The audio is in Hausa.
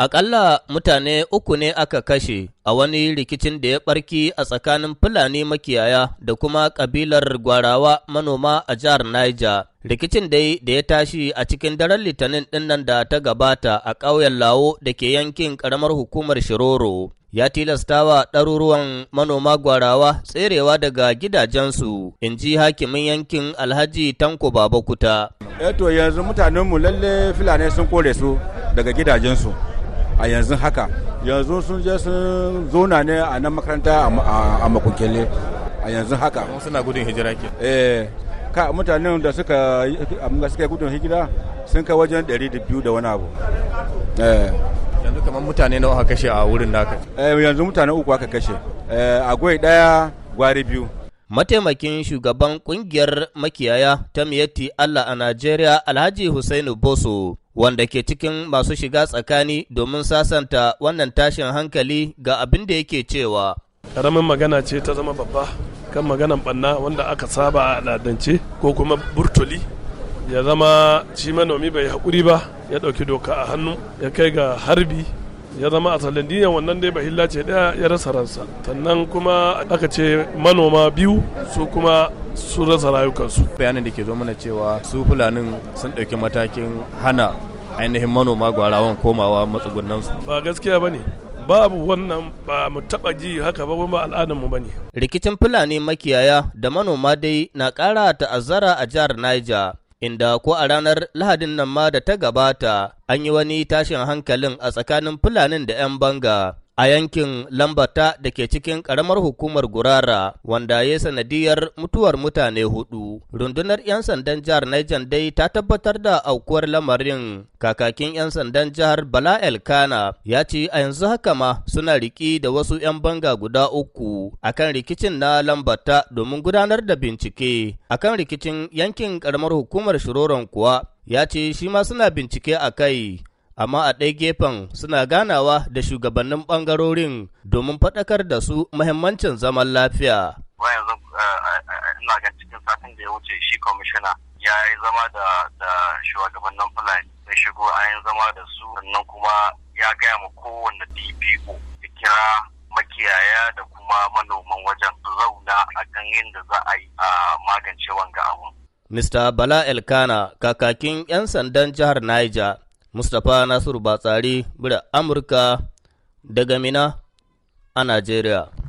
Aƙalla mutane uku ne aka kashe a wani rikicin da ya ɓarki a tsakanin Fulani makiyaya da kuma ƙabilar Gwarawa manoma a jihar Niger. Rikicin dai da ya tashi a cikin daren Litinin dinnan da ta gabata a ƙauyen Lawo da ke yankin ƙaramar hukumar Shiroro. ya tilastawa ɗaruruwan manoma gwarawa tserewa daga gidajensu in ji hakimin yankin alhaji tanko babakuta. eto eh yanzu mutanenmu lalle fulani sun kore su daga gidajensu a yanzu haka yanzu sun je sun zona ne a nan makaranta a makunkele a yanzu haka suna gudun hijira ke eh ka mutanen da suka amma suka gudun hijira sun kai wajen 200 da wani abu eh yanzu kamar mutane nawa aka kashe a wurin naka eh yanzu mutane uku aka kashe eh agwai daya gwari biyu Mataimakin shugaban ƙungiyar makiyaya ta miyatti Allah a Najeriya Alhaji Husainu Boso, wanda ke cikin masu shiga tsakani domin sasanta wannan tashin hankali ga abin da yake cewa. karamin magana ce ta zama babba kan maganan ɓanna wanda aka saba a ladance ko kuma burtuli ya zama shi manomi bai haƙuri ba ya ɗauki doka a hannu ya kai ga harbi ya zama a diya wannan dai bahilla ce daya ya rasa ransa sannan kuma aka ce manoma biyu su kuma su rasa rayukansu bayanin da ke zo mana cewa su fulanin sun ɗauki matakin hana ainihin manoma gwarawan komawa matsugunan su. ba gaskiya ba ne babu wannan ba mu taba ji haka ba ba al'adar mu bane rikicin fulani makiyaya da manoma dai na ƙara ta'azzara a jihar Niger inda ko a ranar Lahadin nan ma da ta gabata an yi wani tashin hankalin a tsakanin Fulanin da 'yan banga a yankin lambata da ke cikin ƙaramar hukumar gurara wanda ya sanadiyar mutuwar mutane hudu rundunar 'yan sandan jihar Niger dai ta tabbatar da aukuwar lamarin kakakin 'yan sandan jihar bala elkana ya ce a yanzu haka ma suna riki da wasu 'yan banga guda uku akan rikicin na lambata domin gudanar da bincike akan rikicin yankin ƙaramar hukumar shiroron kuwa ya ce shi ma suna bincike a kai amma a ɗaya gefen suna ganawa da shugabannin ɓangarorin domin faɗakar da su muhimmancin zaman lafiya. yanzu eh, eh, ina ga cikin satin da ya wuce shi kwamishina ya yi zama da shugabannin fulani ya shigo a yin zama da su sannan kuma ya gaya ma kowane dpo ya kira makiyaya da kuma manoman wajen su zauna a kan da za a yi a magance wanga abun. Mr. Bala Elkana, kakakin 'yan sandan jihar Niger, Mustapha Nasiru Batsari, bira Amurka daga Mina a Najeriya.